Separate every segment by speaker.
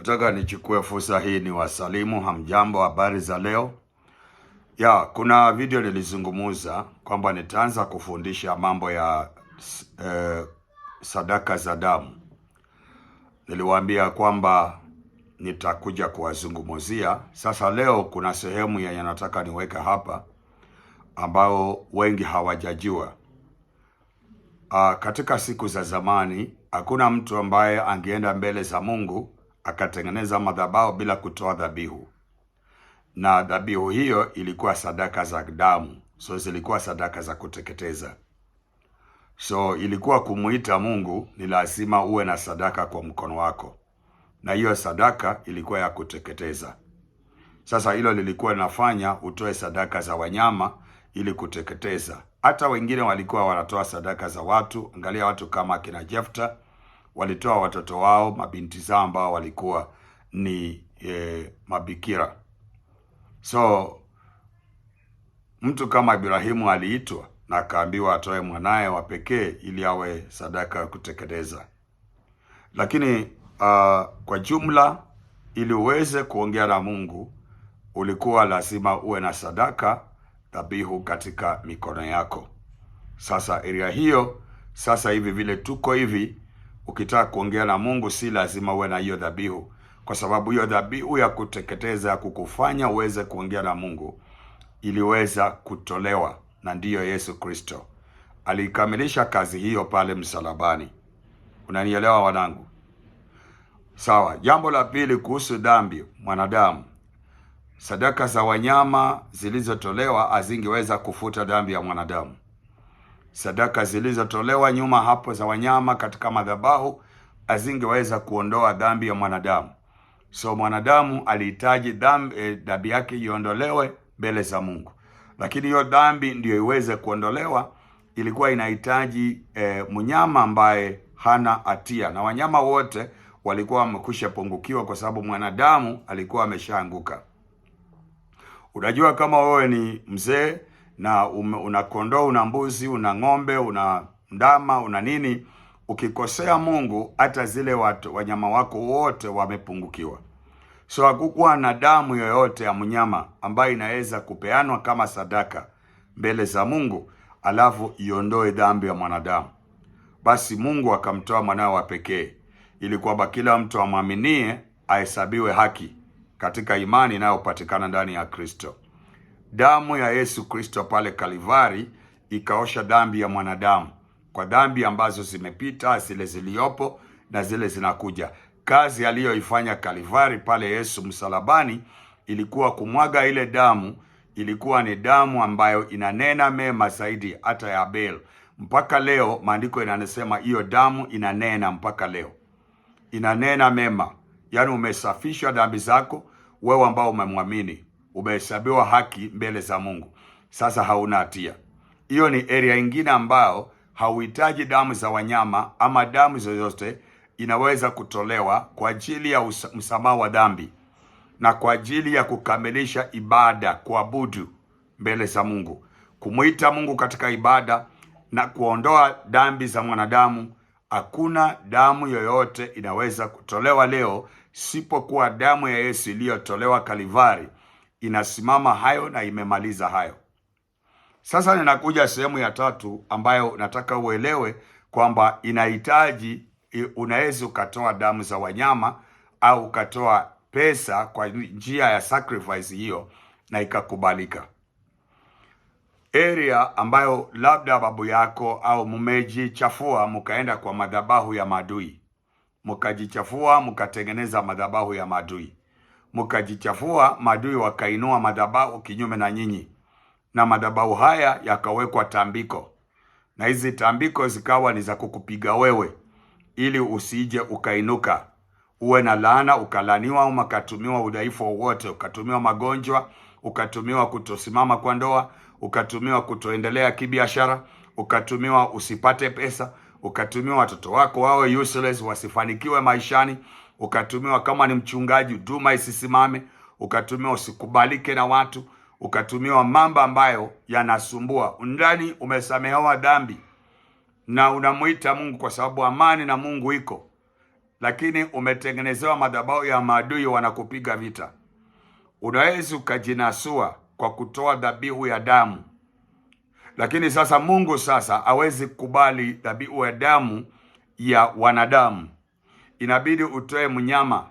Speaker 1: Nataka nichukue fursa hii ni wasalimu, hamjambo, habari za leo. Ya, kuna video nilizungumuza kwamba nitaanza kufundisha mambo ya eh, sadaka za damu. Niliwaambia kwamba nitakuja kuwazungumuzia. Sasa leo kuna sehemu yenye nataka niweke hapa ambao wengi hawajajua. Aa, ah, katika siku za zamani hakuna mtu ambaye angeenda mbele za Mungu akatengeneza madhabahu bila kutoa dhabihu, na dhabihu hiyo ilikuwa sadaka za damu, so zilikuwa sadaka za kuteketeza. So ilikuwa kumuita Mungu ni lazima uwe na sadaka kwa mkono wako, na hiyo sadaka ilikuwa ya kuteketeza. Sasa hilo lilikuwa linafanya utoe sadaka za wanyama ili kuteketeza. Hata wengine walikuwa wanatoa sadaka za watu. Angalia watu kama akina Jefta walitoa watoto wao mabinti zao ambao walikuwa ni e, mabikira. So mtu kama Ibrahimu aliitwa na akaambiwa atoe mwanaye wa pekee ili awe sadaka ya kutekeleza. Lakini uh, kwa jumla, ili uweze kuongea na Mungu ulikuwa lazima uwe na sadaka dhabihu katika mikono yako. Sasa eria hiyo, sasa hivi vile tuko hivi ukitaka kuongea na Mungu si lazima uwe na hiyo dhabihu, kwa sababu hiyo dhabihu ya kuteketeza ya kukufanya uweze kuongea na Mungu iliweza kutolewa, na ndiyo Yesu Kristo aliikamilisha kazi hiyo pale msalabani. Unanielewa wanangu? Sawa. Jambo la pili kuhusu dhambi mwanadamu, sadaka za wanyama zilizotolewa hazingeweza kufuta dhambi ya mwanadamu. Sadaka zilizotolewa nyuma hapo za wanyama katika madhabahu azingeweza kuondoa dhambi ya mwanadamu. So mwanadamu alihitaji dhambi, e, dhambi yake iondolewe mbele za Mungu, lakini hiyo dhambi ndiyo iweze kuondolewa ilikuwa inahitaji e, mnyama ambaye hana hatia, na wanyama wote walikuwa wamekwisha pungukiwa kwa sababu mwanadamu alikuwa ameshaanguka. Unajua, kama wewe ni mzee na ume, una kondoo una mbuzi una ng'ombe una ndama una nini, ukikosea Mungu hata zile watu, wanyama wako wote wamepungukiwa. So hakukuwa na damu yoyote ya mnyama ambayo inaweza kupeanwa kama sadaka mbele za Mungu alafu iondoe dhambi ya mwanadamu. Basi Mungu akamtoa mwanawe wa pekee ili kwamba kila mtu amwaminie ahesabiwe haki katika imani inayopatikana ndani ya Kristo. Damu ya Yesu Kristo pale Kalivari ikaosha dhambi ya mwanadamu, kwa dhambi ambazo zimepita, zile ziliopo na zile zinakuja. Kazi aliyoifanya Kalivari pale Yesu msalabani ilikuwa kumwaga ile damu, ilikuwa ni damu ambayo inanena mema zaidi hata ya Abel. Mpaka leo maandiko yanasema hiyo damu inanena mpaka leo, inanena mema. Yaani umesafishwa dhambi zako wewe ambao umemwamini umehesabiwa haki mbele za Mungu, sasa hauna hatia. Hiyo ni area ingine ambayo hauhitaji damu za wanyama ama damu zozote, inaweza kutolewa kwa ajili ya msamaha wa dhambi na kwa ajili ya kukamilisha ibada, kuabudu mbele za Mungu, kumwita Mungu katika ibada na kuondoa dhambi za mwanadamu. Hakuna damu yoyote inaweza kutolewa leo, sipokuwa damu ya Yesu iliyotolewa Kalivari inasimama hayo na imemaliza hayo. Sasa ninakuja sehemu ya tatu ambayo nataka uelewe kwamba inahitaji, unaweza ukatoa damu za wanyama au ukatoa pesa kwa njia ya sacrifice hiyo na ikakubalika. Area ambayo labda babu yako au mmejichafua mkaenda kwa madhabahu ya madui mkajichafua mkatengeneza madhabahu ya madui mkajichafua, maadui wakainua madhabahu kinyume na nyinyi, na madhabahu haya yakawekwa tambiko, na hizi tambiko zikawa ni za kukupiga wewe, ili usije ukainuka uwe na laana, ukalaniwa, au ukatumiwa udhaifu wowote, ukatumiwa magonjwa, ukatumiwa kutosimama kwa ndoa, ukatumiwa kutoendelea kibiashara, ukatumiwa usipate pesa, ukatumiwa watoto wako wawe useless, wasifanikiwe maishani ukatumiwa kama ni mchungaji, huduma isisimame, ukatumiwa usikubalike na watu, ukatumiwa mambo ambayo yanasumbua ndani Umesamehewa dhambi na unamwita Mungu kwa sababu amani na Mungu iko, lakini umetengenezewa madhabahu ya maadui wanakupiga vita. Unaweza ukajinasua kwa kutoa dhabihu ya damu, lakini sasa Mungu sasa hawezi kukubali dhabihu ya damu ya wanadamu inabidi utoe mnyama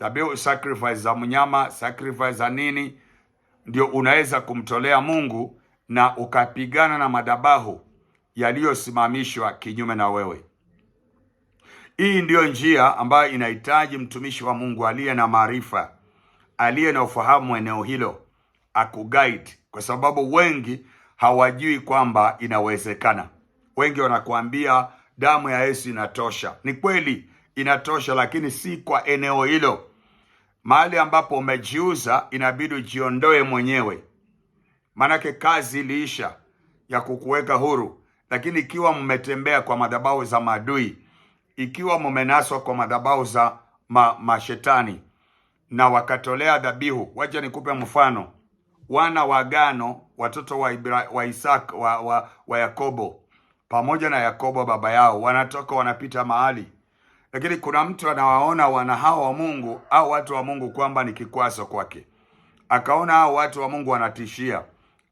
Speaker 1: dhabihu, sacrifice za mnyama, sacrifice za nini, ndio unaweza kumtolea Mungu na ukapigana na madabahu yaliyosimamishwa kinyume na wewe. Hii ndiyo njia ambayo inahitaji mtumishi wa Mungu aliye na maarifa, aliye na ufahamu eneo hilo, akuguide, kwa sababu wengi hawajui kwamba inawezekana. Wengi wanakuambia damu ya Yesu inatosha. Ni kweli, inatosha, lakini si kwa eneo hilo. Mahali ambapo umejiuza, inabidi ujiondoe mwenyewe, maanake kazi iliisha ya kukuweka huru. Lakini ikiwa mmetembea kwa madhabahu za maadui, ikiwa mmenaswa kwa madhabahu za ma mashetani na wakatolea dhabihu, wacha nikupe mfano. Wana wa agano, watoto wa Ibra, wa Isaka, wa, wa, wa Yakobo pamoja na Yakobo baba yao wanatoka wanapita mahali lakini kuna mtu anawaona wana hao wa Mungu au watu wa Mungu kwamba ni kikwazo kwake, akaona hao watu wa Mungu wanatishia,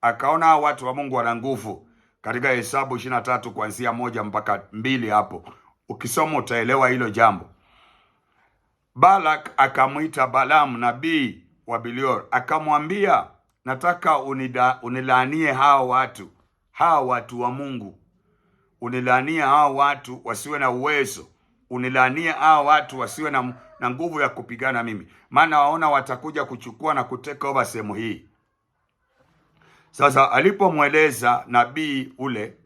Speaker 1: akaona hao watu wa Mungu wana nguvu. Katika Hesabu ishirini na tatu kuanzia moja mpaka mbili hapo ukisoma utaelewa hilo jambo. Balak akamwita Balaam nabii wa Bilior akamwambia, nataka unida, unilaanie hao watu hao watu wa Mungu, unilaanie hao watu wasiwe na uwezo unilaania hao watu wasiwe na, na nguvu ya kupigana mimi, maana waona watakuja kuchukua na kuteka over sehemu hii. Sasa alipomweleza nabii ule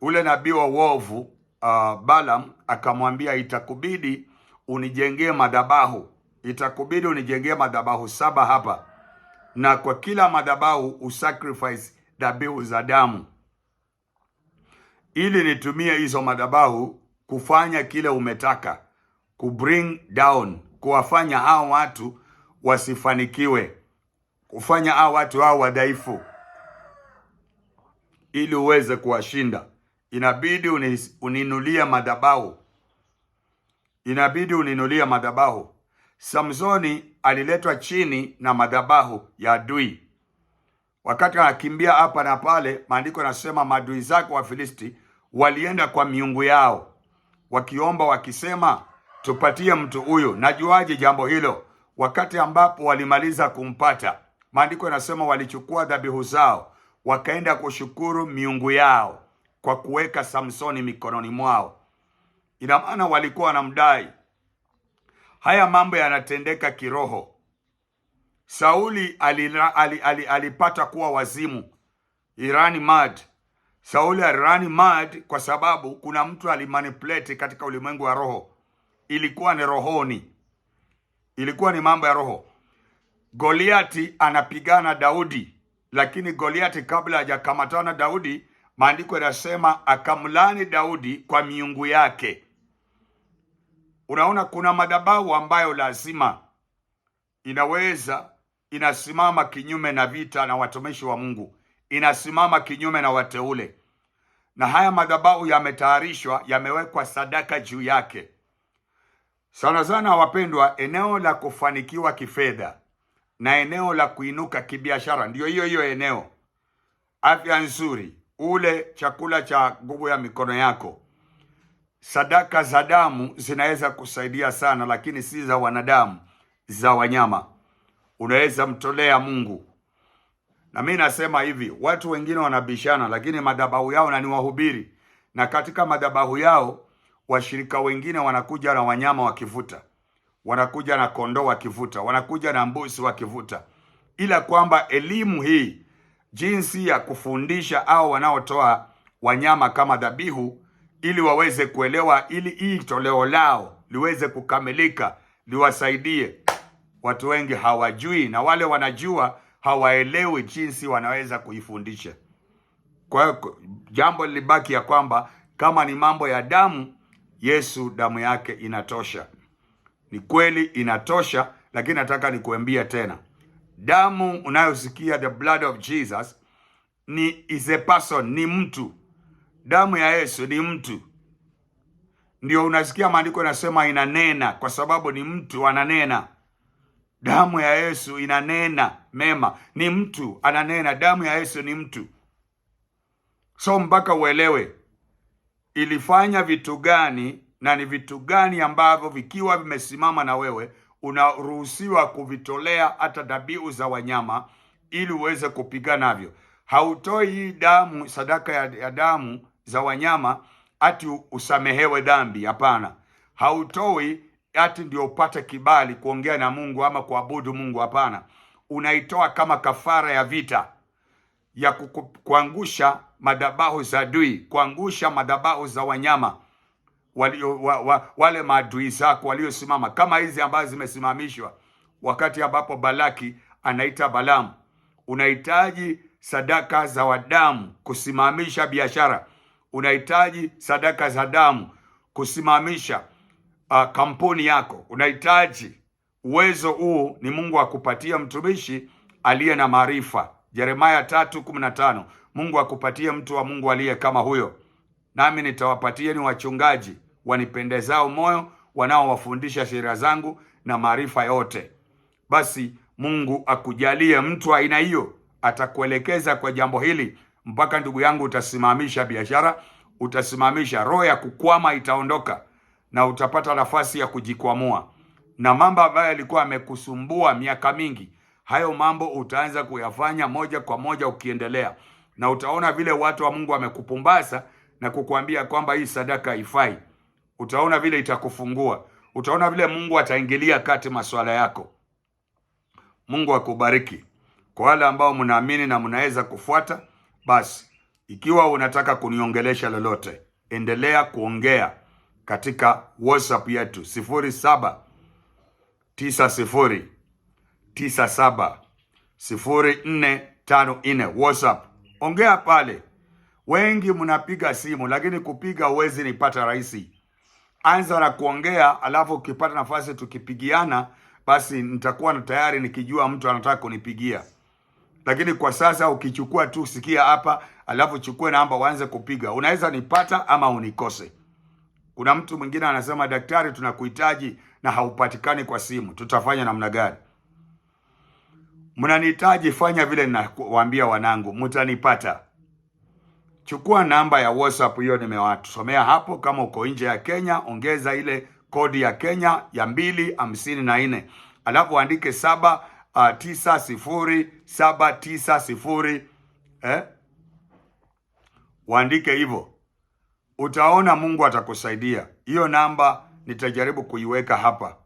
Speaker 1: ule nabii wa uovu uh, Balaam akamwambia, itakubidi unijengee madhabahu, itakubidi unijengee madhabahu saba hapa, na kwa kila madhabahu usacrifice dhabihu za damu, ili nitumie hizo madhabahu kufanya kile umetaka kubring down, kuwafanya hao watu wasifanikiwe, kufanya hao watu hao wadhaifu, ili uweze kuwashinda, inabidi uninulia madhabahu, inabidi uninulia madhabahu. Samsoni aliletwa chini na madhabahu ya adui wakati anakimbia hapa na pale. Maandiko yanasema maadui zake Wafilisti walienda kwa miungu yao wakiomba wakisema, tupatie mtu huyu, najuaje jambo hilo? Wakati ambapo walimaliza kumpata, maandiko yanasema walichukua dhabihu zao wakaenda kushukuru miungu yao kwa kuweka Samsoni mikononi mwao. Ina maana walikuwa wanamdai. Haya mambo yanatendeka kiroho. Sauli alipata kuwa wazimu Irani mad Sauli alirani mad kwa sababu kuna mtu alimanipulate katika ulimwengu wa roho. Ilikuwa ni rohoni, ilikuwa ni mambo ya roho. Goliati anapigana Daudi, lakini Goliati kabla hajakamatana na Daudi, maandiko yanasema akamlani Daudi kwa miungu yake. Unaona, kuna madhabahu ambayo lazima inaweza inasimama kinyume na vita na watumishi wa Mungu, inasimama kinyume na wateule na haya madhabahu yametayarishwa, yamewekwa sadaka juu yake. Sana sana wapendwa, eneo la kufanikiwa kifedha na eneo la kuinuka kibiashara ndiyo hiyo hiyo eneo. Afya nzuri, ule chakula cha nguvu ya mikono yako, sadaka za damu zinaweza kusaidia sana, lakini si za wanadamu, za wanyama. Unaweza mtolea Mungu na mimi nasema hivi, watu wengine wanabishana, lakini madhabahu yao na ni wahubiri, na katika madhabahu yao washirika wengine wanakuja na wanyama wakivuta, wanakuja na kondoo wakivuta, wanakuja na mbuzi wakivuta, ila kwamba elimu hii jinsi ya kufundisha au wanaotoa wanyama kama dhabihu ili waweze kuelewa, ili hii toleo lao liweze kukamilika liwasaidie. Watu wengi hawajui, na wale wanajua hawaelewi jinsi wanaweza kuifundisha. Kwa hiyo jambo lilibaki ya kwamba kama ni mambo ya damu, Yesu damu yake inatosha. Ni kweli inatosha, lakini nataka nikuambia tena, damu unayosikia the blood of Jesus ni is a person, ni mtu. Damu ya Yesu ni mtu, ndio unasikia maandiko yanasema inanena, kwa sababu ni mtu ananena. Damu ya Yesu inanena mema, ni mtu ananena. Damu ya Yesu ni mtu, so mpaka uelewe ilifanya vitu gani na ni vitu gani ambavyo vikiwa vimesimama na wewe unaruhusiwa kuvitolea hata dhabihu za wanyama ili uweze kupiga navyo. Hautoi hii damu, sadaka ya, ya damu za wanyama ati usamehewe dhambi. Hapana, hautoi ati ndio upate kibali kuongea na Mungu ama kuabudu Mungu. Hapana, unaitoa kama kafara ya vita ya kuangusha madhabahu za adui, kuangusha madhabahu za wanyama walio, wa, wa, wale maadui zako waliosimama kama hizi ambazo zimesimamishwa wakati ambapo Balaki anaita Balamu. Unahitaji sadaka za wadamu kusimamisha biashara, unahitaji sadaka za damu kusimamisha uh, kampuni yako unahitaji uwezo huu, ni Mungu akupatia mtumishi aliye na maarifa. Yeremia 3:15 Mungu akupatie mtu wa Mungu aliye kama huyo, nami nitawapatia ni wachungaji wanipendezao moyo, wanaowafundisha sheria zangu na maarifa yote. Basi Mungu akujalie mtu aina hiyo, atakuelekeza kwa jambo hili mpaka, ndugu yangu, utasimamisha biashara, utasimamisha roho ya kukwama, itaondoka na utapata nafasi ya kujikwamua, na mambo ambayo yalikuwa yamekusumbua miaka mingi, hayo mambo utaanza kuyafanya moja kwa moja ukiendelea, na utaona vile watu wa Mungu wamekupumbaza na kukuambia kwamba hii sadaka haifai. Utaona vile itakufungua, utaona vile Mungu ataingilia kati masuala yako. Mungu akubariki. Kwa wale ambao mnaamini na mnaweza kufuata, basi ikiwa unataka kuniongelesha lolote, endelea kuongea katika WhatsApp yetu sifuri WhatsApp. Ongea pale. Wengi mnapiga simu lakini kupiga uwezi nipata rahisi. Anza na kuongea, alafu ukipata nafasi tukipigiana, basi nitakuwa na tayari nikijua mtu anataka kunipigia. Lakini kwa sasa ukichukua tu sikia hapa, alafu chukue namba uanze kupiga, unaweza nipata ama unikose. Kuna mtu mwingine anasema, daktari, tunakuhitaji na haupatikani kwa simu, tutafanya namna gani? Mnanihitaji, fanya vile ninawaambia wanangu, mtanipata. Chukua namba ya WhatsApp hiyo nimewatusomea hapo. Kama uko nje ya Kenya, ongeza ile kodi ya Kenya ya mbili hamsini na nne alafu andike saba uh, tisa sifuri saba tisa sifuri eh? Waandike hivyo utaona Mungu atakusaidia. Hiyo namba nitajaribu kuiweka hapa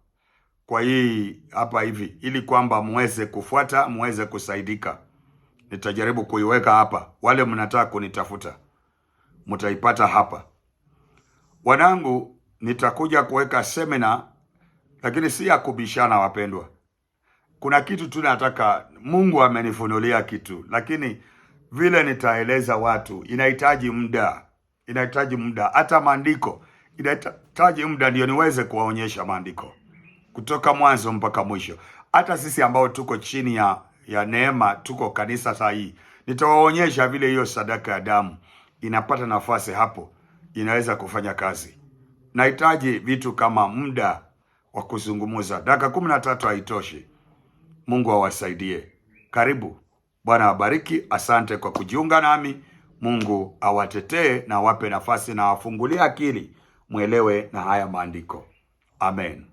Speaker 1: kwa hii hapa hivi, ili kwamba muweze kufuata, muweze kusaidika. Nitajaribu kuiweka hapa, wale mnataka kunitafuta mtaipata hapa. Wanangu, nitakuja kuweka semina, lakini si ya kubishana. Wapendwa, kuna kitu tu nataka, Mungu amenifunulia kitu, lakini vile nitaeleza watu inahitaji muda inahitaji muda, hata maandiko inahitaji muda ndio niweze kuwaonyesha maandiko kutoka mwanzo mpaka mwisho. Hata sisi ambao tuko chini ya, ya neema tuko kanisa saa hii, nitawaonyesha vile hiyo sadaka ya damu inapata nafasi hapo, inaweza kufanya kazi. Nahitaji vitu kama muda wa kuzungumza, dakika kumi na tatu haitoshi. Mungu awasaidie. Karibu. Bwana abariki. Asante kwa kujiunga nami. Mungu awatetee na awape nafasi na awafungulie akili mwelewe na haya maandiko. Amen.